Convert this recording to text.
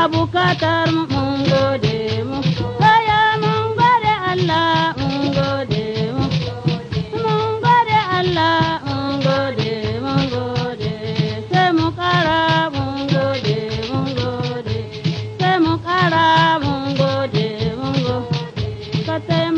biya bukatar mun gode mu kaya mun gode Allah mun gode mu mun gode Allah mun gode mu gode sai mu kara mun gode mu gode sai mu kara mun gode mun gode